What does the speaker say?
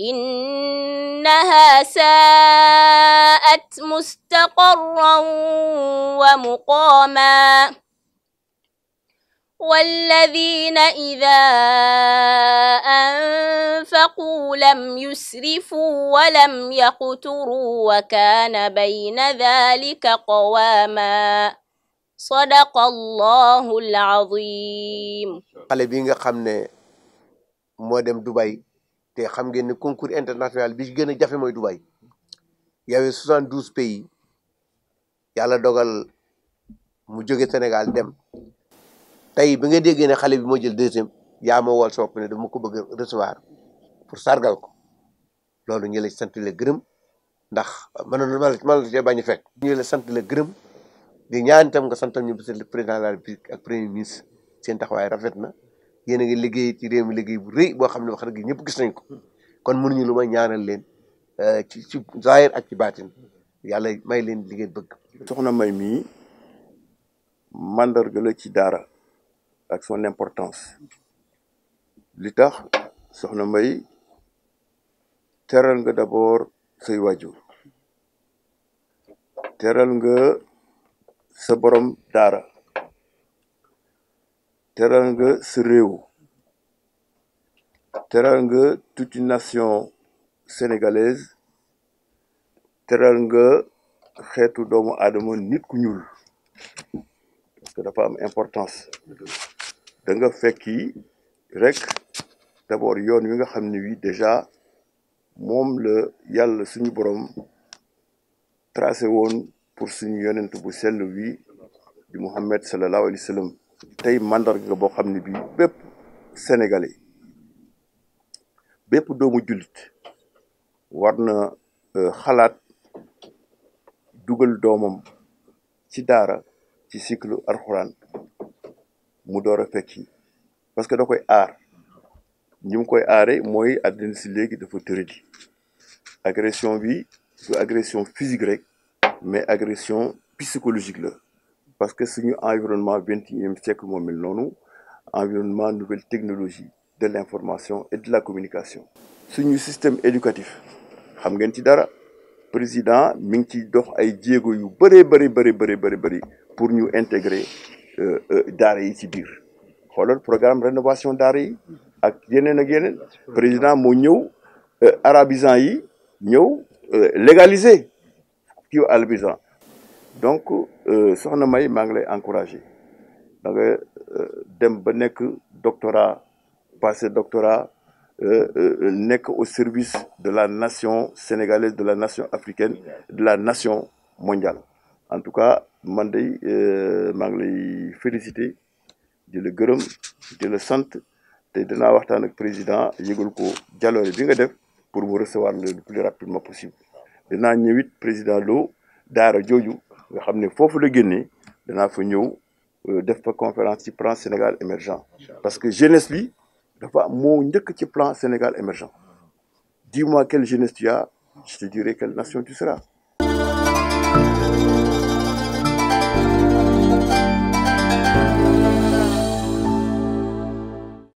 إنها ساءت مستقرا ومقاما والذين إذا أنفقوا لم يسرفوا ولم يقتروا وكان بين ذلك قواما صدق الله العظيم xale bi مودم دبي te xam ngeen ne concours international bi gën a jafe mooy du y avait soixante douze pays yàlla dogal mu jóge Sénégal dem tey ba nga déggee xale bi moo jël deuxième yaa ma wol sopp ne dama ko bëgg a recevoir pour sargal ko loolu ñu la sant la gërëm ndax man ma la man la cee bañ a fekk. ñu la sant la gërëm di ñaan itam nga santal ñu bu le président de la République ak premier ministre seen taxawaay rafet na. yéen a ngi liggéey ci réew mi liggéey bu rëy boo xam ne wax dëgg ñëpp gis nañ ko kon mënuñu lu may ñaanal leen euh, ci ci zaahir ak ci baatin yàlla may leen li ngeen bëgg. soxna May mi mandarga la ci daara ak son importance li tax soxna May teral nga d'abord say waajur teral nga sa borom daara. teral nga sa réew teral nga toute une nation sénégalaise teral nga xeetu doomu aadama nit ku ñuul parce que dafa am importance da nga fekki rek d'abord yoon wi nga xam ne wi déjà moom la yàlla suñu borom tracé woon pour suñu yonent bu sell wi di Muhammad sallallahu alayhi wa sallam tay mandarga boo xamni bi bii sénégalais bépp doomu jullit warna na euh, xalaat dugal doomam ci daara ci cycle alcorane mu doora fekki parce que da koy aar ñi koy aare moy àddina ci légui dafa tëradi agression bi du agression physique rek mais agression psychologique la parce que suñu environnement 21e siècle moo mel environnement nouvelle technologie de l'information et de la communication suñu système éducatif xam ci dara président mi ngi a dox ay yu bëree bëri bëri pour nous intégrer euh, euh, dans yi ci biir programme programme rénovation daara yi ak ak président moo ñëw euh, arabisant yi qui légaliser donc euh, soxna May m'a ngi lay encouragé da nga euh, dem ba doctorat passé doctorat euh, nek au service de la nation sénégalaise de la nation africaine de la nation mondiale en tout cas man suis ngi lay félicité di le gërëm di le sante te dina waxtaan ak président Yegulko ko jaloore bi nga def pour vous recevoir le plus rapidement possible dina ñewit président Lo daara jooju nga xam ne foofu la génnee danaa fa ñëw euh, def fa conférence ci plan Sénégal émergent parce que jeunesse bi dafa moo njëkk ci plan Sénégal émergent dis-moi quelle jeunesse tu as je te quelle nation tu seras